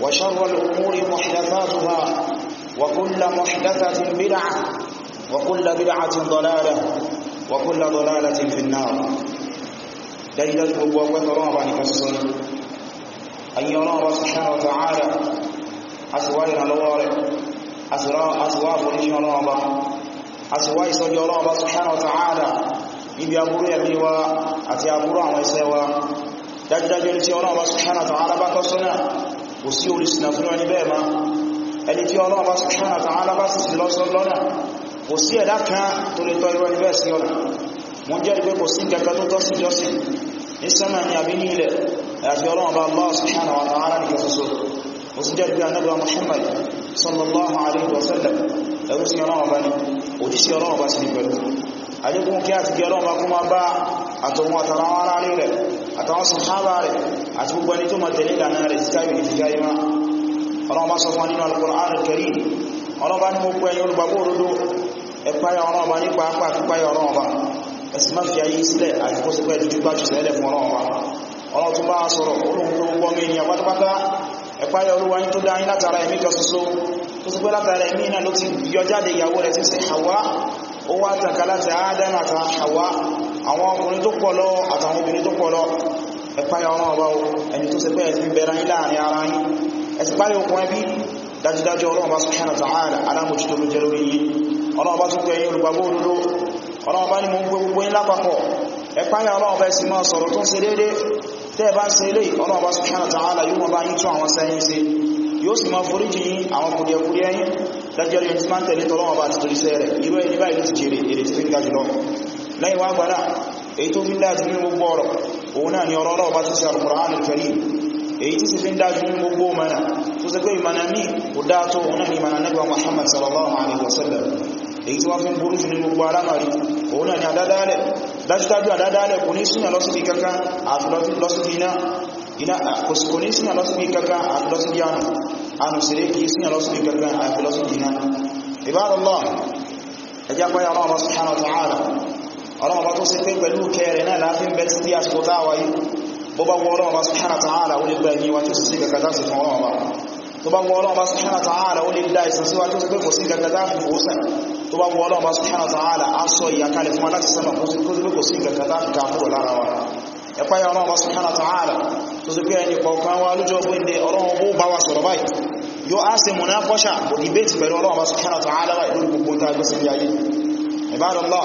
وشر الأمور محدثاتها وكل محدثة بدعة وكل بدعة ضلالة وكل ضلالة في النار دلته وفرابا كالسن أن يرى الله سبحانه وتعالى أسوائنا الوارد أسراء أسواف الإشرابة أسوائي صلي الله سبحانه وتعالى إذ يقول يبيوا أتي أبورا ويسيوا دجل جلتي الله سبحانه وتعالى السنة kò sí orísìnà fún ẹni bẹ́ẹ̀ ma ẹni tí ọlọ́ọ̀bá subhanahu wa ta'ala bá sì sí lọ́sọ́lọ́nà kò sí ẹ̀dá kan tó lè tọ́ irú ẹni bẹ́ẹ̀ sí ọ̀nà wọ́n jẹ́ pé kò sí gẹ̀gẹ́ tó tọ́ sí jọ́sìn ní sánmà ní àbí ní ilẹ̀ àti ọlọ́ọ̀bá Allah subhanahu wa ta'ala ní kẹsọsọ kò àtàwọn sàhábà rẹ̀ àti gbogbo ẹni tó ma tẹ̀lé ìlànà rẹ̀ títà yìí fi gáyé máa ọlọ́run bá sọ fún nínú Al-Qur'an Al-Karim ọlọ́run bá ní gbogbo ẹ̀yin olùgbàgbọ́ òdodo ẹ̀páyà ọlọ́run bá nípa apá àfipáyà ọlọ́run bá ẹ̀sì má fi ayé sílẹ̀ àti kó sípẹ́ ìdíjú bá jù sẹ́lẹ̀ fún ọlọ́run bá ọlọ́run tún bá sọ̀rọ̀ olóhun tó gbọ́ mi ènìyàn pátápátá ẹ̀páyà olúwa yín tó dá yín látara ẹ̀mí kan ṣoṣo tó sì pé látara ó wá tàkà láti Ádámù àtàwọn àwọn ọkùnrin tó pọ̀ lọ àtàwọn obìnrin tó pọ̀ lọ ẹ̀páyà ọmọ ọba o ẹni tó ṣe pé ẹ̀sìn bẹ̀rẹ̀ yín láàrin ara yín ẹ̀sìn páyà okùn ẹbí dájúdájú ọlọ́run bá subhanahu wa ta'ala alámòjútó ló jẹ́ lórí yín ọlọ́run bá tún pé ẹ̀yin olùgbàgbọ́ òdodo ọlọ́run bá ní mo ń gbé gbogbo yín lápapọ̀ ẹ̀páyà ọlọ́run bá ẹ̀sìn máa sọ̀rọ̀ tó ń ṣe déédé tẹ́ ẹ bá ń ṣe ilé ọlọ́run bá subhanahu wa ta'ala yóò mọ bá yín tún àwọn sẹ́yìn ṣe yóò sì máa foríjì yín àwọn kùdìẹ̀kùdìẹ̀ yín dájọ́ yẹn tí máa ń tẹ̀lé tọ́lọ́wọ́ bá ti torí sẹ́rẹ̀ irú ẹni báyìí ló ti jèrè èrè tí ó ń ga jùlọ lẹ́yìn wá gbádà èyí tó fi ń ní gbogbo ọ̀rọ̀ òun náà ni ọ̀rọ̀ ọlọ́wọ́ bá tó sí al-Qur'an al-Karim èyí tí sì fi ń dájú ní gbogbo mana tó sẹ pé ìmana ní kò dá tó òun náà ni ìmana nẹ́gbà Muhammad sallallahu alaihi wasallam èyí tí wá fi ń burú jù ní gbogbo alámàrí òun náà ni àdádálẹ̀ dájúdájú àdádálẹ̀ kò ní súnà lọ́síbi kankan àti lọ́síbi ọlọ́run bá tó ṣe pé pẹ̀lú kẹrẹ náà láti ń bẹ títí àsìkò táwà yìí bó bá wọ ọlọ́run bá subhanahu wa ta'ala ó lè gba ẹ̀yìn wa tó sì sí kàkàtà sí fún ọlọ́run bá tó bá wọ ọlọ́run bá subhanahu wa ta'ala ó lè dá ìsìn pé kò sí kàkàtà fi fòósẹ̀ tó bá wọ ọlọ́run bá subhanahu wa ta'ala á sọ ìyàkalẹ̀ fún aláti sẹ́mà kó sì kò sí kàkàtà fi kàkúrò lára wa ẹ̀pá ya ọlọ́run bá subhanahu wa ta'ala tó sì pé ẹni kọ̀ọ̀kan wa lójọ́ pé ní ọlọ́run bó bá wa sọ̀rọ̀ báyìí yóò á sì múná fọ́ṣà kò pẹ̀lú ọlọ́run bá subhanahu wa ta'ala báyìí lórí gbogbo ń tá a gbé sí ilé ayé ìbáraláà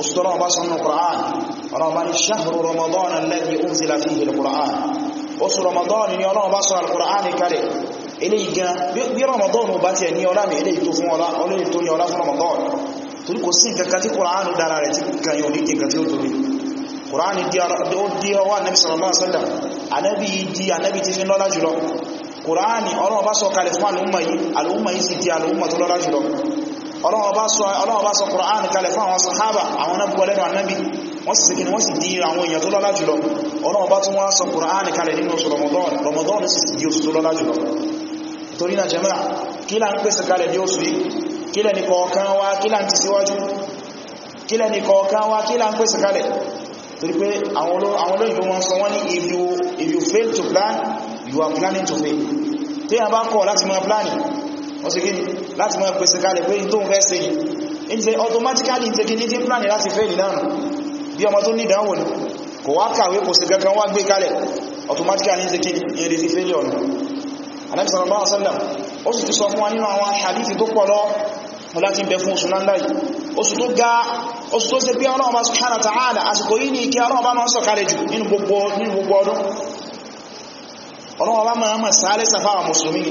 أسطروا بصنا القرآن رمضان شهر رمضان الذي أنزل فيه القرآن أسر رمضان يرى بصنا القرآن كريم إليه bí Ramadan bá ti ẹ̀ ní ọlá ní eléyìí tó fún ọlá olóyìn tó ní ọlá fún Ramadan torí kò sí nǹkan tí Kùránì dára rẹ̀ tí kan yóò ní nǹkan tí ó tóbi Kùránì dí ọwọ́ Ànábì sallallahu alaihi wasallam Ànábì di Ànábì ti fi lọ́lá jùlọ Kùránì Ọlọ́run bá sọ kalẹ̀ fún àlùmọ̀ yìí àlùmọ̀ yìí sì di àlùmọ̀ tó lọ́lá jùlọ ọlọ́wọ́ bá sọ Kùránì kalẹ̀ fún àwọn sàhábà àwọn anábúgbọ́lẹ́nu annabi wọ́n sì síkini wọ́n sì di àwọn èèyàn tó lọ́lá jùlọ ọlọ́wọ́ bá tún wá sọ Kùránì kalẹ̀ nínú oṣù Ramadan Ramadan sì di oṣù tó lọ́lá jùlọ torí náà jẹ́mọ́ra kí lá ń pèsè kalẹ̀ ní oṣù yìí kí lẹ́ni kọ̀ọ̀kan wá kí lá ń ti síwájú kí lẹ́ni kọ̀ọ̀kan wá kí lá ń pèsè kalẹ̀ torí pé àwọn olóyìnbó wọn sọ wọ́n ní if you if you fail to plan you are planning to fail tí a bá kọ̀ láti máa planning ọ̀sẹ̀ kí ni láti mọ́ pèsè kalẹ̀ pé tó ń fẹ́ ṣe yìí in ṣe automatically in ṣe kí ní tí ń plan láti fẹ́ ìlú náà bí ọmọ tó ní ìdánwò ni kò wá kàwé kò sí kankan wá gbé kalẹ̀ automatically in ṣe kí ní èrè sí failure ni Ànábì sallallahu alaihi wasallam ó sì ti sọ fún wa nínú àwọn hadithi tó pọ̀ lọ láti bẹ fún oṣù náà yìí oṣù tó ga oṣù tó ṣe pé ọlọ́ọ̀bá subhanahu wa ta'ala àsìkò yìí ni ìkẹ́ ọlọ́ọ̀bá máa ń sọ̀kalẹ̀ jù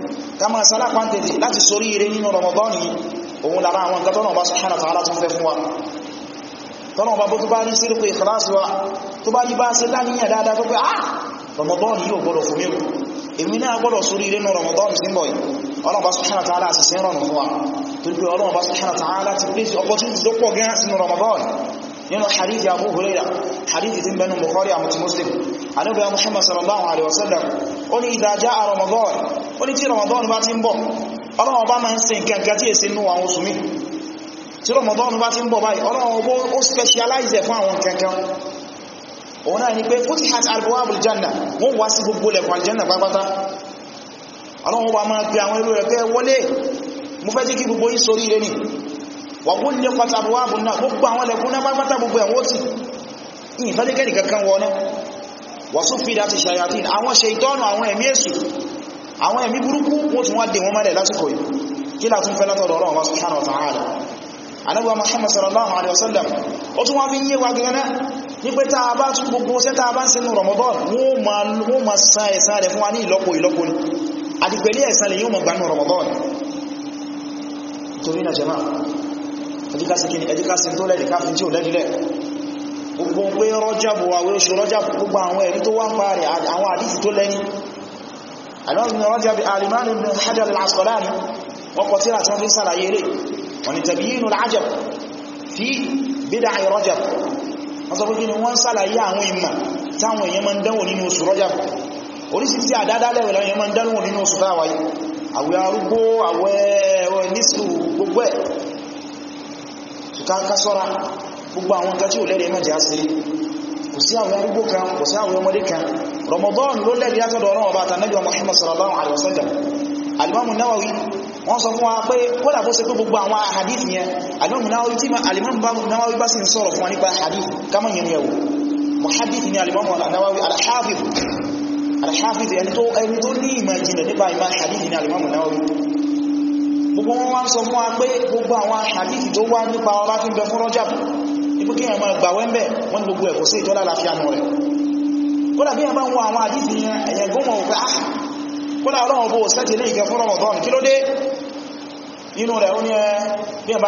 kama sálá pàntẹ̀tẹ̀ láti sorí ire nínú Ramadan yìí òun lára àwọn nǹkan tọ́nà bá subhanahu wa ta'ala tún fẹ́ fún wa tọ́nà bá bó tó bá rí sí rúkú ikhlas wa tó bá rí bá sí láníyàn dáadáa tó pé ah Ramadan yìí ò gbọdọ̀ fún mi èmi náà gbọdọ̀ sorí ire nínú Ramadan sí mọ̀ yìí ọlọ́run subhanahu wa ta'ala sì sí rọrùn fún wa tó pé ọlọ́run bá subhanahu wa ta'ala ti pèsè opportunity tó pọ̀ gan sínú Ramadan nínú hadith abu huraira hadith tí bẹnu bukhari àti muslim anubu muhammad sallallahu alaihi wasallam ó ní idha jaa ramadan ó ní tí ramadan bá ti ń bọ̀ ọlọ́wọ́ bá máa ń ṣe nǹkan kan tí èsì nínú àwọn oṣù mi tí ramadan bá ti ń bọ̀ báyìí ọlọ́wọ́ ó specialize fún àwọn kankan òun náà ni pé futihat albuwabul janna wọ́n wá sí gbogbo lẹ̀kọ̀ aljanna pápátá ọlọ́wọ́ bá máa pe àwọn ilú rẹ̀ pé wọlé mo fẹ́ sí kí gbogbo yín sórí ire ni wọ̀kún ní ọkọ̀ tàbí wà bùn náà gbogbo àwọn lẹ́kún náà pátá gbogbo ẹ̀wọ́ tí ìfẹ́dẹ́kẹ́ni kankan wọ́n náà wọ̀sún fi dá ti ṣayatín àwọn ṣe ìtọ́nù àwọn ẹ̀mí èṣù àwọn ẹ̀mí burúkú wọ́n tún wá dè wọ́n mọ́lẹ̀ lásìkò yìí kí látún fẹ́ látọ̀dọ̀ ọ̀rọ̀ wa subhanahu wa ta'ala anábíwa Muhammad sallallahu alaihi wasallam ó tún wá fi ń yé wa gẹ́gẹ́ ní pé táa bá tún gbogbo ṣẹ́ táa bá ń sinú Ramadan wọ́n ma san ẹ̀san rẹ̀ fún wa ní ìlọ́po ìlọ́po ni àdìgbẹ̀lẹ́ torí na jama'a ẹjíká sí kíni ẹjíká sí tó lẹ́rìí káfí tí ò lẹ́dílẹ̀ gbogbo pé rọ́jàbù àwẹ́ oṣù rọ́jàbù gbogbo àwọn ẹ̀rí tó wá ń parí àwọn àdífì tó lẹ́ni alọ́gbìn rọ́jàbù alimani bin hajar al-asqalani wọ́n kọ tíra tí wọ́n fi ń sàlàyé rẹ̀ wọ́n ni tabyinu al-ajab fi kákásọ́ra gbogbo àwọn kan tí ò lẹ́rẹ̀ mẹ́jẹ̀ sí kò sí àwọn arúgbó kan kò sí àwọn ọmọdé kan Ramadan ló lẹ́rẹ̀ látọ̀dọ̀ ọ̀rọ̀ ọba àtànẹ́bí Muhammad sallallahu alaihi wasallam alimamu Nawawi wọ́n sọ fún wa pé kódà bó ṣe pé gbogbo àwọn hadith yẹn alimamu Nawawi tí alimamu Nawawi bá sì ń sọ̀rọ̀ fún wa nípa hadith kama yẹn yẹ̀wò muhadith ni alimamu Nawawi gbogbo wọn wá ń sọ fún wa pé gbogbo àwọn àdíjì tó wá nípa ọlá tí ń bẹ fún rọ́jà ipò kí ẹ̀mọ̀ ìgbà wẹ́m̀bẹ̀ wọ́n gbogbo ẹ̀kọ́ sí ìtọ́lá láfíà mọ̀ rẹ̀ kódà bí ẹ̀bá ń wọ àwọn àdíjì yẹn ẹ̀yẹ̀ gómọ̀ òpá ah, kódà ọlọ́run bó sẹ́tì ilé ìgẹ̀ fún rọ̀mọ̀dọ́n kí ló dé nínú rẹ̀ ó ní eh, eh, ẹ tí ń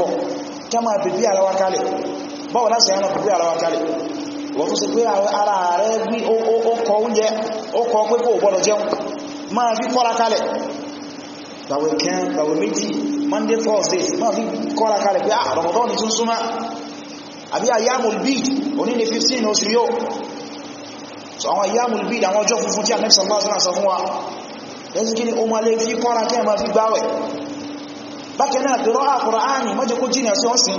bọ̀ ká máa bèbí ara wa kalẹ̀ báwo láti ẹran pẹ̀lú ara wa kalẹ̀ wọ́n tó sì pé ara rẹ̀ gbí ó kọ oúnjẹ ó kọ pé kò gbọ́dọ̀ jẹun máa fi kọ́ra kalẹ̀ gbàwẹ̀ kan gbàwẹ̀ méjì monday thursday máa fi kọ́ra kalẹ̀ pé ah rọ̀mọ̀dọ́ ni tún súnmọ́ àbí ayyamul bid òní ni 15 oṣù yóò so àwọn ayyamul bid àwọn ọjọ́ funfun tí a nẹ́bí sallallahu alaihi wasallam wa lẹ́sí kí ni o máa lè fi kọ́ra kẹ́ máa fi gbáwẹ̀ bákan náà tẹ́rọ àkùrọ̀ áàrùn mọ́jọ kó jìnà sí ọ̀sìn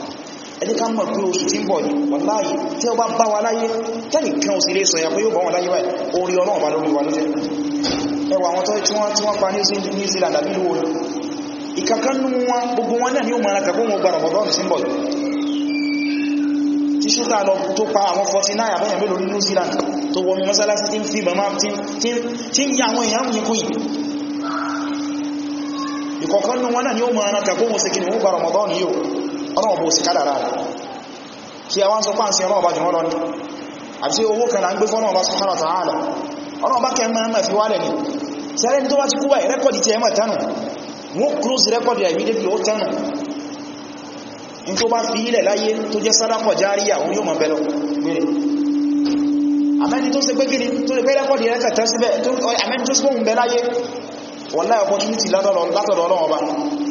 ẹni ká mọ̀ pé oṣù tí ń bọ̀ ní wàláyé tí ó bá bá wa láyé tẹ́nì kan òsì lè sọ̀yà pé yóò bọ̀ wọn láyé báyìí orí ọlọ́run bá lórí wa lójẹ́ ẹwà àwọn tó tí wọ́n tí wọ́n pa New Zealand àbí lówó lọ ìkankan nú wọn gbogbo wọn náà ní òun ara kàkó wọn gbàrà bọ̀dọ̀ sí ń bọ̀ tí ṣúta lọ tó pa àwọn 49 àbẹ́yàn mélòó ní New Zealand tó wọnú mọ́sálásí tí ń fi bàmá tí ń yà àwọn èèyàn yìí kú yìí ìkọ̀kan nú wọn náà ní òun ara kàkó wọn sì kìnnìún gbàrà bọ̀dọ̀ ní yóò ọlọ́wọ́ bó sì kádàrà rẹ̀ kí a wọ́n sọ pàá sí ọlọ́wọ́ bá jùmọ́ lọ ní àti owó kan láń gbé fọ́nà wa ta'ala ọlọ́wọ́ bá kẹ́ mẹ́rin fi wálẹ̀ ni sẹ́rẹ́ ní tó bá ti kú rẹ́kọ̀dì ti ẹmọ̀ tánu wọ́n close rẹ́kọ̀dì ó in tó bá fi ilẹ̀ láyé tó jẹ́ járíyà òun yóò mọ̀ àmẹ́ni tó tó lè pé rẹ́kọ̀dì síbẹ̀ àmẹ́ni tó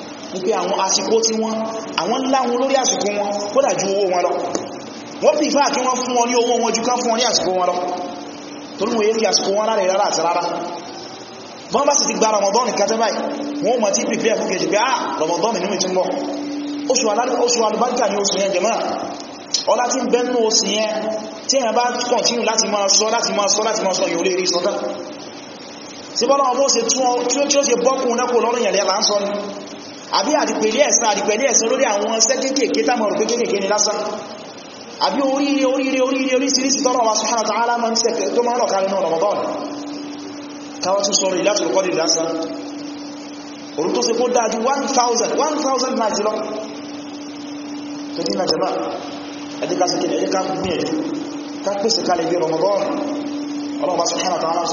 wípé àwọn àsìkò tí wọ́n àwọn láwọn lórí àsìkò wọn kódà ju owó wọn lọ wọ́n bí fáà kí wọ́n fún wọn ní owó wọn ju kán fún wọn ní àsìkò wọn lọ torí wọ́n yé fi àsìkò wọn lára ìrárá àti rárá bọ́n bá sì ti gba Ramadan nìkan báyìí wọ́n tí ó ṣe bọ́kùn náà lọ́rùn yẹ̀lẹ́ là ni àbí àdìpẹ̀lẹ̀ ẹ̀sán àdìpẹ̀lẹ̀ ẹ̀sán lórí àwọn ṣẹ́ kéèkéèké támọ̀rù pé kéèkéèké ni lásán àbí oríire oríire oríire oríṣiríṣi tọ́rọ wa subhanahu wa ta'ala máa ń sẹ́kẹ̀ tó máa ń lọ̀kàrí náà Ramadan káwọn tún sọ̀rọ̀ ìlàtò ìkọ́dì lásán orú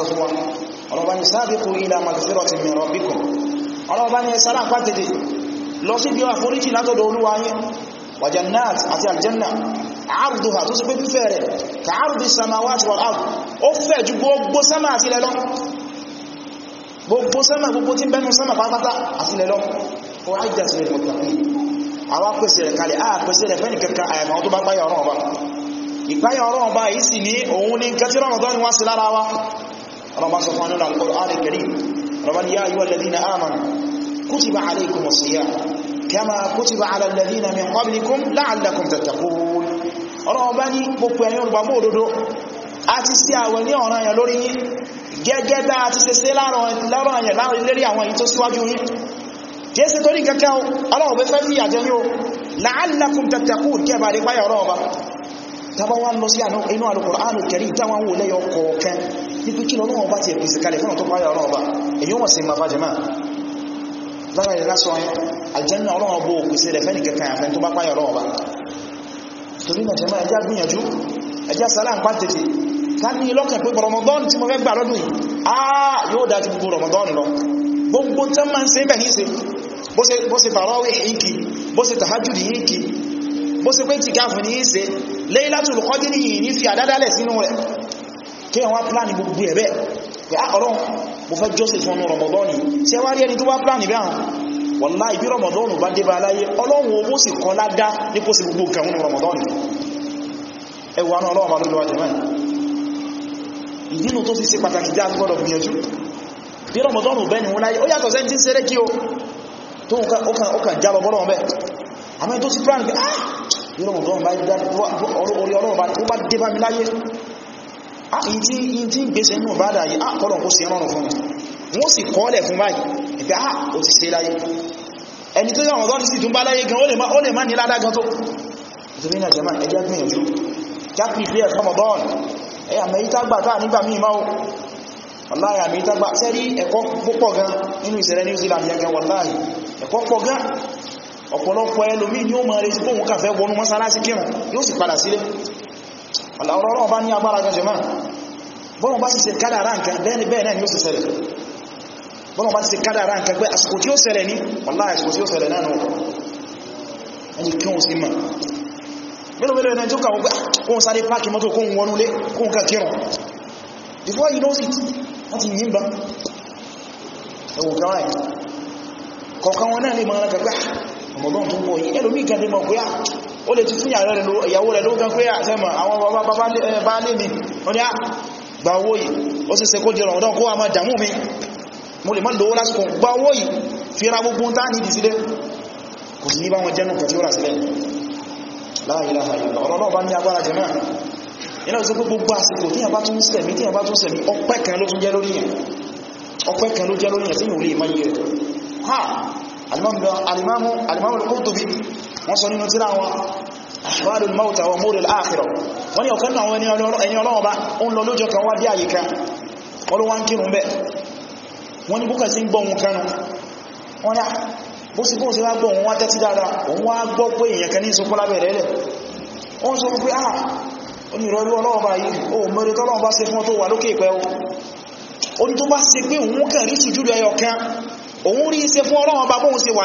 tó ni sabiqu ila maghfiratin min rabbikum ọlọ́ọ̀bá ni ẹ̀sára pàtẹ́dẹ̀ lọ sí bí àforíkì látọ̀dọ̀ olúwa yín wa jannat àti aljanna àrùdùhà tó sì pé fífẹ́ rẹ̀ ka àrùdù samawati wal ard ó fẹ̀ ju gbogbo sama àti lẹ́lọ gbogbo sama gbogbo tí bẹnu sama pátápátá àti lẹ́lọ ó ájá sí rẹ̀ mọ̀tàkì àwọn pèsè rẹ̀ kalẹ̀ àà pèsè rẹ̀ fẹ́ni kankan àyàmà tó bá páyà ọ̀rọ̀ ọba ìpáyà ọ̀rọ̀ ọba yìí sì ní òun ní kẹtí rọ̀mọ̀tọ́ wá sí lára wa ọ̀rọ̀ bá sọ fún anúrà al-Qur'an al-Karim rọ̀bá ni yá ayyuhal ladhina amanu kutiba alaykum as-siyam kama kutiba ala alladhina min qablikum la'allakum tattaqun ọlọ́wọ́ bá ní gbogbo ẹ̀yin olùgbàgbọ́ òdodo a ti sí àwẹ̀ ní ọ̀ràn yẹn lórí yín gẹ́gẹ́ bá a ti ṣe sí lọ́rọ̀ yẹn lérí àwọn èyí tó síwájú yín jẹ́sẹ̀ tó ní kankan ọlọ́wọ́ bẹ́ fẹ́ fi àjẹ́ ní o la'allakum tattaqun kẹ́ bá lè páyà ọlọ́wọ́ bára rẹ̀ lásọ yẹn aljanna ọlọ́wọ́ bó pèsè rẹ̀ fẹ́ni kẹta àfẹ́ tó bá páyọ̀ lọ́wọ́ bá torí náà jẹmọ́ ẹjá gbìyànjú ẹjá sàrà ń pàtẹ̀tẹ̀ ká ní lọ́kàn pé rọmọdọ́n tí mo fẹ́ gbà lọ́dún yìí ah yóò dá ti gbogbo rọmọdọ́n lọ gbogbo tán máa ń ṣe bẹ̀ ní ṣe bó ṣe fàrọ́wẹ̀ ìkì bó ṣe tàhájúdì ìkì bó ṣe pé ti gáfù ní ṣe Laylatul Qadr yìí ní fi àdádálẹ̀ sínú rẹ̀ kí wọ́n plan gbogbo ẹ̀bẹ̀ ọ̀rọ̀ mo fẹ́ jọ́sìn fún rọmọdọ́nì ṣe wá rí ẹni tó bá pláàni bí àwọn wọ́nlá ìbí rọmọdọ́nù bá dé bá aláyé ọlọ́run owó sì kọ́ ládá ní kó sì gbogbo kẹwọn rọmọdọ́nì ẹwà náà ọlọ́run bá lórí wájẹ̀ mẹ́rin ìdínú tó fi ṣe pàtàkì já gbọ́dọ̀ gbìyànjú bí rọmọdọ́nù bẹ́ ni wọ́n láyé ó yàtọ̀ sẹ́ntí ń seré kí o tó ó kàn já lọ́bọ́lọ́ bẹ́ àmọ́ tó ti pláàni pé ah bí rọmọdọ́nù bá dé bá mi láyé Ah, in tí ń gbèsè inú bádà yìí àkọ́lọ̀ ah, kó sí ẹran fún wọ́n sì kọ́ọ̀lẹ̀ fún báyìí ìgbà ah, ó ti ṣe láyé ẹni tó yàwọn ọ̀dọ́rin sì tún bá láyé gan ó lè má ní ládá gan tó ìtòmínà jẹ́mà ẹjẹ́ gbìyànjú jápì ìfẹ́ ẹ̀fọ́ mọ̀dọ́ọ̀nì ẹ̀yà mẹ́rítágbà táà nígbà míì máa wàláyà mẹ́rítágbà sẹ́rí ẹ̀kọ́ púpọ̀ gan nínú ìṣẹ̀lẹ̀ New Zealand yẹn gan wàláyà ẹ̀kọ́ pọ̀ gan ọ̀pọ̀lọpọ̀ ẹlòmí ni ó máa retí bóhun kàfẹ́ wọnú mọ́sálásí kírùn yóò sì padà sílé ọ̀rọ̀ ọ̀rọ̀ bá ní agbára gan jẹmọ́ bọ́nà bá nǹkan bẹ́ẹ̀ni ni ó bọ́nà bá nǹkan pé àsìkò tí ó ní wàláhì àsìkò tí ó ṣẹlẹ̀ náà nù ẹni kí wọ́n sí mọ̀ mẹ́lọ mẹ́lọ ẹ̀nà tó kàwọn pé ah, kóhun sáré páàkì mọ́tò kóhun wọnúlé kóhun ká kírùn before you know it wọ́n ti yìnbọn ẹwọ kan kọ̀ọ̀kan wọn náà lè ah, mọ́ ó lè ti fún ìyàwó rẹ̀ lóògán pé àtẹ́mọ̀ àwọn bàbá lè eh, mi wọ́n ni á gba owó yìí ó sì ṣe kó jẹ ọ̀dọ́ kó wà máa dàmú mi mo lè mọ́ lówó lásìkò gba owó yìí fi ra gbogbo tá ní ìdísílé kò sí ní bá wọn la ilaha illallah ọ̀rọ̀ náà bá ní agbára jẹ náà iná ìsọ́pẹ́ gbogbo àsìkò tí a bá tún sẹ̀mí tí a bá tún sẹ̀mí ọpẹ́ kan ló tún jẹ́ lórí alimamu alimamu al wọ́n sọ nínú tíra wọn ahwalul mauta wa umurul akhirah wọ́n ni ọ̀kan náà ẹni ọlọ́wọ́ bá ń lọ lójọ kan wá dé àyè kan wọ́n ló wá ń kírun bẹ́ wọ́n ni búkà sí ń gbọ́ ohun kanu wọ́n ni bó sí bóòsí wá gbọ́ ohun wá tẹ́tí dáadáa òun fún ọlọ́wọ́ bá bóun ṣe wà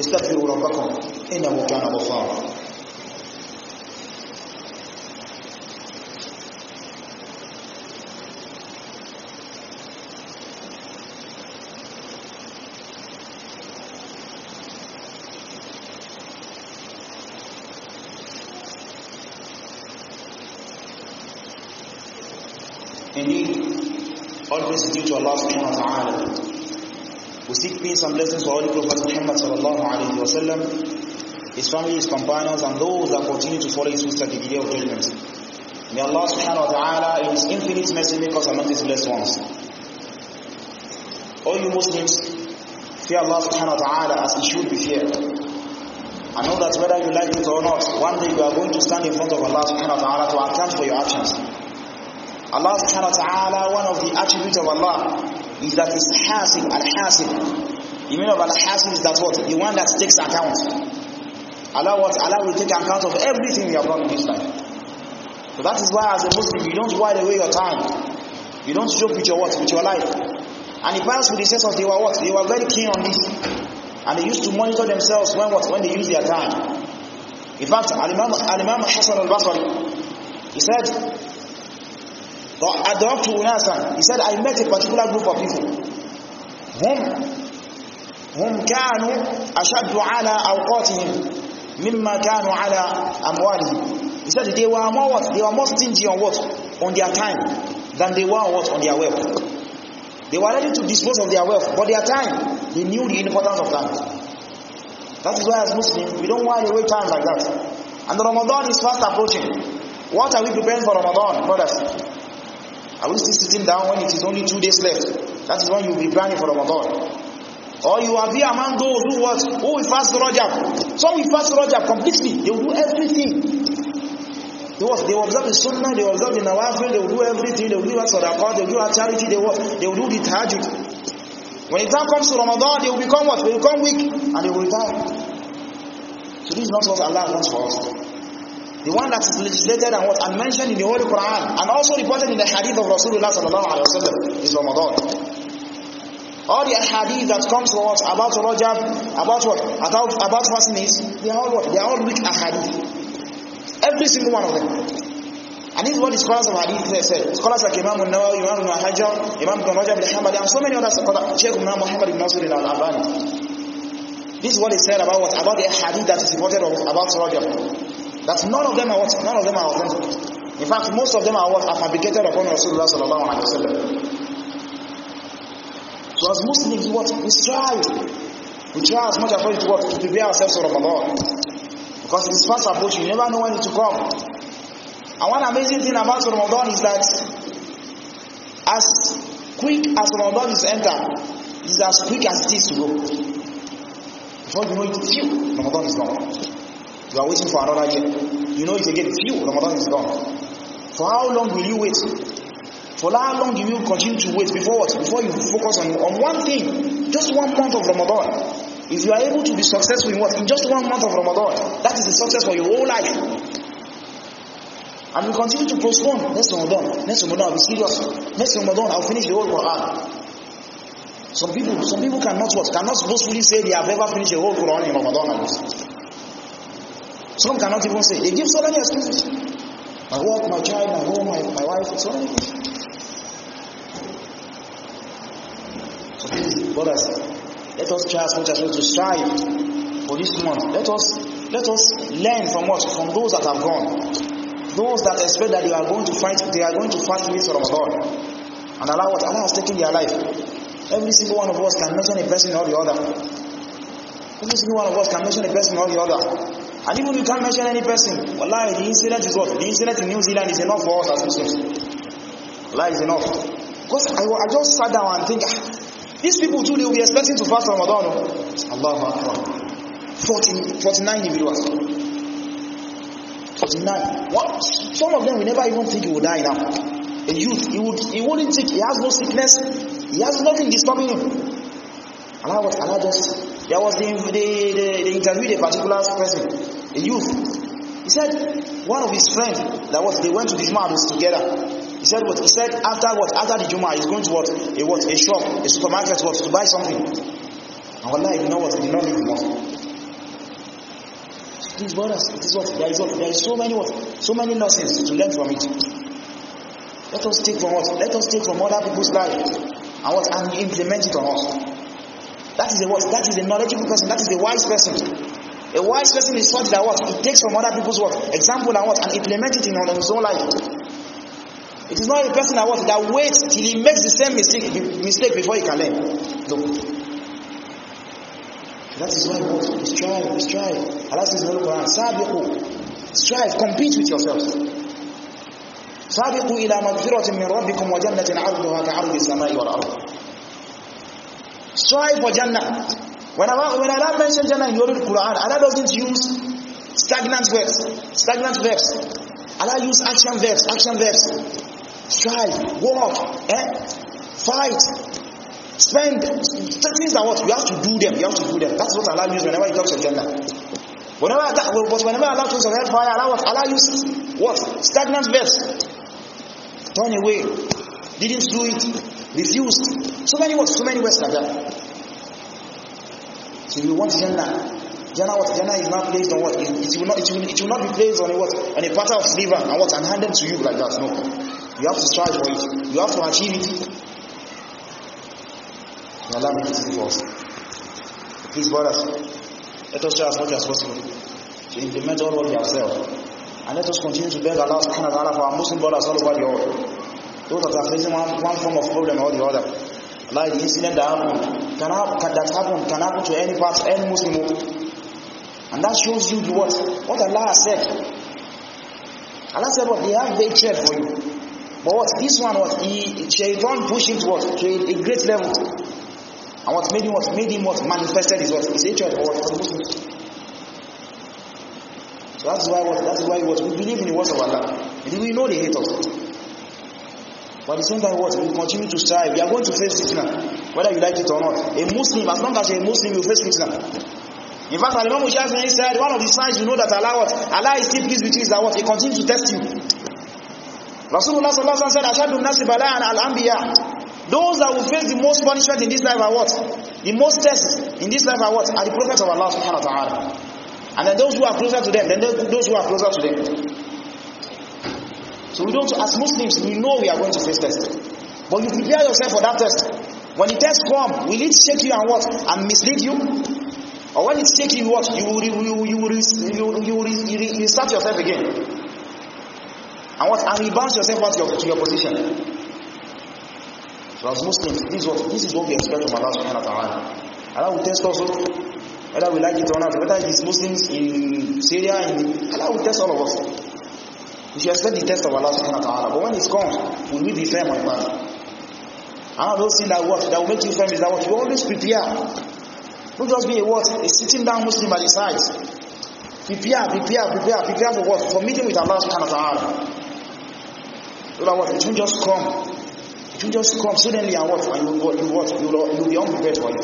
استغفروا ربكم إنه كان غفارا Indeed, all this is due to Allah subhanahu wa ta'ala we seek peace and blessings for Holy Prophet Muhammad sallallahu alayhi wa sallam, his family, his companions, and those that continue to follow his footsteps to the day of judgment. May Allah subhanahu wa ta'ala in his infinite mercy make us among his blessed ones. All you Muslims, fear Allah subhanahu wa ta'ala as he should be feared. I know that whether you like it or not, one day you are going to stand in front of Allah subhanahu wa ta'ala to account for your actions. Allah subhanahu wa ta'ala, one of the attributes of Allah is that it's hasib, al-hasib. You meaning of al is that what? The one that takes account. Allah what? Allah will take account of everything you have done in this life. So that is why as a Muslim, you don't waste away your time. You don't joke with your what? With your life. And the parents with the sense of they were what? They were very keen on this. And they used to monitor themselves when what? When they use their time. In fact, Al-Imam Al Hassan al-Basri, he said, I adọ́pù unasan he said I met a particular group of people hum hum kanu ashaddu ala awqatihim mimma kanu ala amwalihim he said they were more what they were more stingy on what on their time than they were what on their wealth they were ready to dispose of their wealth but their time they knew the importance of that. that is why as Muslims we don't while away time like that and Ramadan is fast approaching what are we preparing for Ramadan brothers Are we still sitting down when it is only two days left? That is when you will be planning for Ramadan. Or you are here among those who was who will fast Rajab. Some will fast Rajab completely. They will do everything. They will they will observe the Sunnah, they will observe the Nawafil, they will do everything, they will do that sadaqah, they will do that charity, they will, they will do the tahajjud. When the time comes to Ramadan, they will become what? They will become weak and they will die. So this is not what Allah wants for us. The one that is legislated and what and mentioned in the Holy Quran and also reported in the hadith of Rasulullah sallallahu alaihi wasallam is Ramadan. All the hadith that comes to us about Rajab, about what, about, about fasting is, they are all what? They are all weak Hadith. Every single one of them. And this is what the scholars of hadith they said. Scholars like Imam Nawawi, Imam Ibn Hajar, Imam Ibn Rajab al-Hambali, and so many others. scholars, Sheikh Imam Muhammad ibn Nasir al-Albani. This is what they said about what? About the hadith that is reported about Rajab. That none of them are what? None of them are authentic. In fact, most of them are what are fabricated upon Rasulullah sallallahu alaihi wasallam. So as Muslims, what we strive, we try as much as possible to what to prepare ourselves for Ramadan, because it's fast approaching. You never know when it will come. And one amazing thing about Ramadan is that as quick as Ramadan is entered, it is as quick as this to go. Before you know it, phew, Ramadan is gone. You are waiting for another year. You know, if you get few, Ramadan is gone. For how long will you wait? For how long do you continue to wait before what? Before you focus on, on one thing, just one month of Ramadan. If you are able to be successful in what? In just one month of Ramadan, that is the success for your whole life. And we continue to postpone. Next Ramadan, next Ramadan, I'll be serious. Next Ramadan, I'll finish the whole Quran. Some people, some people cannot what? Cannot boastfully say they have ever finished the whole Quran in Ramadan some cannot even say. They give so many excuses. My work, my child, my home, my, my wife, so many things. Brothers, let us try as much as we to strive for this month. Let us let us learn from what? From those that have gone. Those that expect that they are going to fight, they are going to fight this Ramadan. And Allah what? Allah has taken their life. Every single one of us can mention a person or the other. Every single one of us can mention a person or the other. And even you can't mention any person. Wallahi, the incident is what? The incident in New Zealand is enough for us as Muslims. Wallahi, is enough. Because I, I just sat down and think, ah, these people too, they will be expecting to fast Ramadan. Allahu Akbar. 40, 49 individuals. 49. What? Some of them we never even think he will die now. A youth, he, would, he wouldn't think, he has no sickness, he has nothing disturbing him. And I was, and I just, there was the, the, the, the interview, a particular person, a youth. He said, one of his friends, that was, they went to the Juma and together. He said what? He said after what? After the Juma, he's going to what? A what? A shop, a supermarket, what? To buy something. And wallahi, you know what? He did not leave the Please, brothers, it is what there is what there is so many what so many lessons to learn from it. Let us take from what let us take from other people's lives and what and implement it on us. That is a what? That is a knowledgeable person. That is a wise person. A wise person is such that what? He takes from other people's work. Example and what? And implement it in his own life. It is not a person that what? That waits till he makes the same mistake, mistake before he can learn. No. That is why what? Strive, strive. Allah says in the Quran, Sabiqu. Strive, compete with yourselves. سابقوا إلى مغفرة من ربكم وجنة عرضها كعرض السماء والأرض strive for Jannah. When Allah, when Allah mentioned Jannah in the Quran, Allah doesn't use stagnant verbs, stagnant verbs. Allah use action verbs, action verbs. Strive, walk, eh? fight, spend. Things are what you have to do them. You have to do them. That's what Allah use whenever He talks of Jannah. Whenever, but whenever Allah talks of hellfire, Allah, Allah use what? Stagnant verbs. Turn away. didn't do it, refused. So many words, so many words like that. So you want Jannah. Jannah what? Jannah is not placed on what? It, it, will not, it, will, it will not be placed on a what? On a platter of silver and what? And handed to you like that. No. You have to strive for it. You have to achieve it. May Allah make it easy for us. Please, brothers, let us try as much as possible to implement all what we have said. And let us continue to beg Allah subhanahu wa ta'ala for our Muslim brothers all over the world. Those that are facing one, one form of problem or the other. Like the incident that happened, can happen, can, that happened, can happen to any part, any Muslim. And that shows you the what? What Allah has said. Allah said, what? They have they chair for you. But what? This one, what? He, Shaitan pushed him to what? To a, a great level. And what made him what? Made him what? Manifested is what? His hatred for what? For the Muslims. So that's why what? That's why what? We believe in the words of Allah. And we know they hate us. But the same time, what? We continue to strive. We are going to face fitna, whether you like it or not. A Muslim, as long as a Muslim, you face fitna. In fact, Al-Imam Shafi'i said, one of the signs you know that Allah what? Allah is still pleased with you is that what? He continues to test you. Rasulullah sallallahu alaihi wasallam said, Ashadu nasi bala'an al-anbiya. Those that will face the most punishment in this life are what? The most tests in this life are what? Are the prophets of Allah subhanahu wa ta'ala. And then those who are closer to them, then those who are closer to them we don't, as Muslims, we know we are going to face test. But you prepare yourself for that test. When the test come, will it shake you and what? And mislead you? Or when it shakes you, what? You will, you will, you will, you will, you will, you will restart yourself again. And what? And rebound yourself back to your, to your position. So as Muslims, this is what, this is what we expect from Allah subhanahu wa ta'ala. Allah will test us all. Oh. whether we like it or not, whether it is Muslims in Syria, in, Allah will test all of us. We should expect the test of Allah subhanahu wa ta'ala. But when it comes, gone, will we be firm on God? And those things that what that will make you firm is that what you always prepare. Don't just be a what a sitting down Muslim by the side. Prepare, prepare, prepare, prepare for what? For meeting with Allah subhanahu wa ta'ala. So that what it will just come. It will just come suddenly and what and you what you what you will, you will be unprepared for it.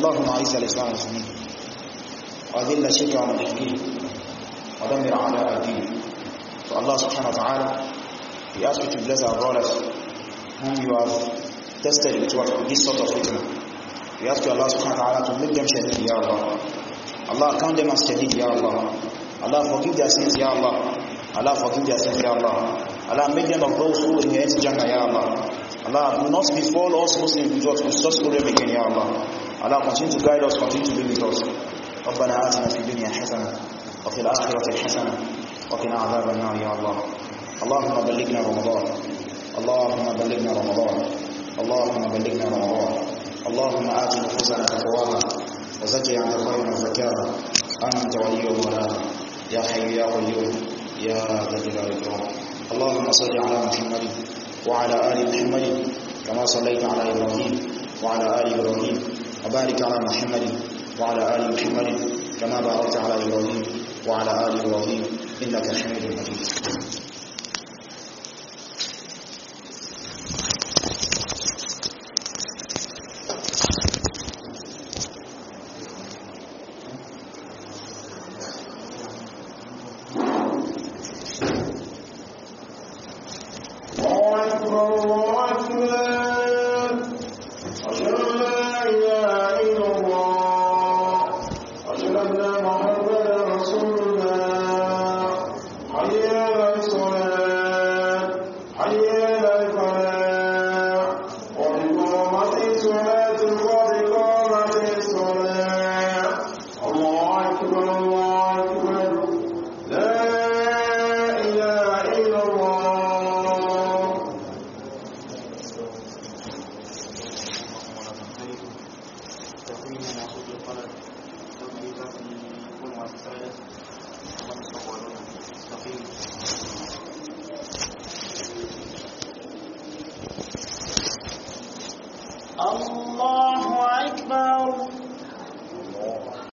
Allahumma اللهم اعز الاسلام والمسلمين واذل الشرك والمشركين وَدَمِّرْ عَلَىٰ أَدِينِ So Allah subhanahu wa ta'ala, He asks you to bless our brothers whom you have tested with what, this sort of fitna. We ask you Allah subhanahu wa ta'ala to make them shaheed, Ya Allah. Allah count them as shaheed, Ya Allah. Allah forgive their sins, Ya Allah. Allah forgive their sins, Ya Allah. Allah make them of those who inherit Jannah, Ya Allah. Allah do not befall us Muslims with what with such problem again, Ya Allah. Allah continue to guide us, continue to be with us. ربنا آتنا في الدنيا حسنة وفي الآخرة الحسنة وقنا عذاب النار يا الله اللهم بلغنا رمضان اللهم بلغنا رمضان اللهم بلغنا رمضان اللهم آت نفوسنا تقواها وزكي عن خير زكاها أنت ولي ولاها يا حي يا قيوم يا ذا الجلال والإكرام اللهم صل على محمد وعلى آل محمد كما صليت على إبراهيم وعلى آل إبراهيم وبارك على محمد وعلى آل محمد كما باركت على إبراهيم وعلى آله وصحبه إنك حميد مجيد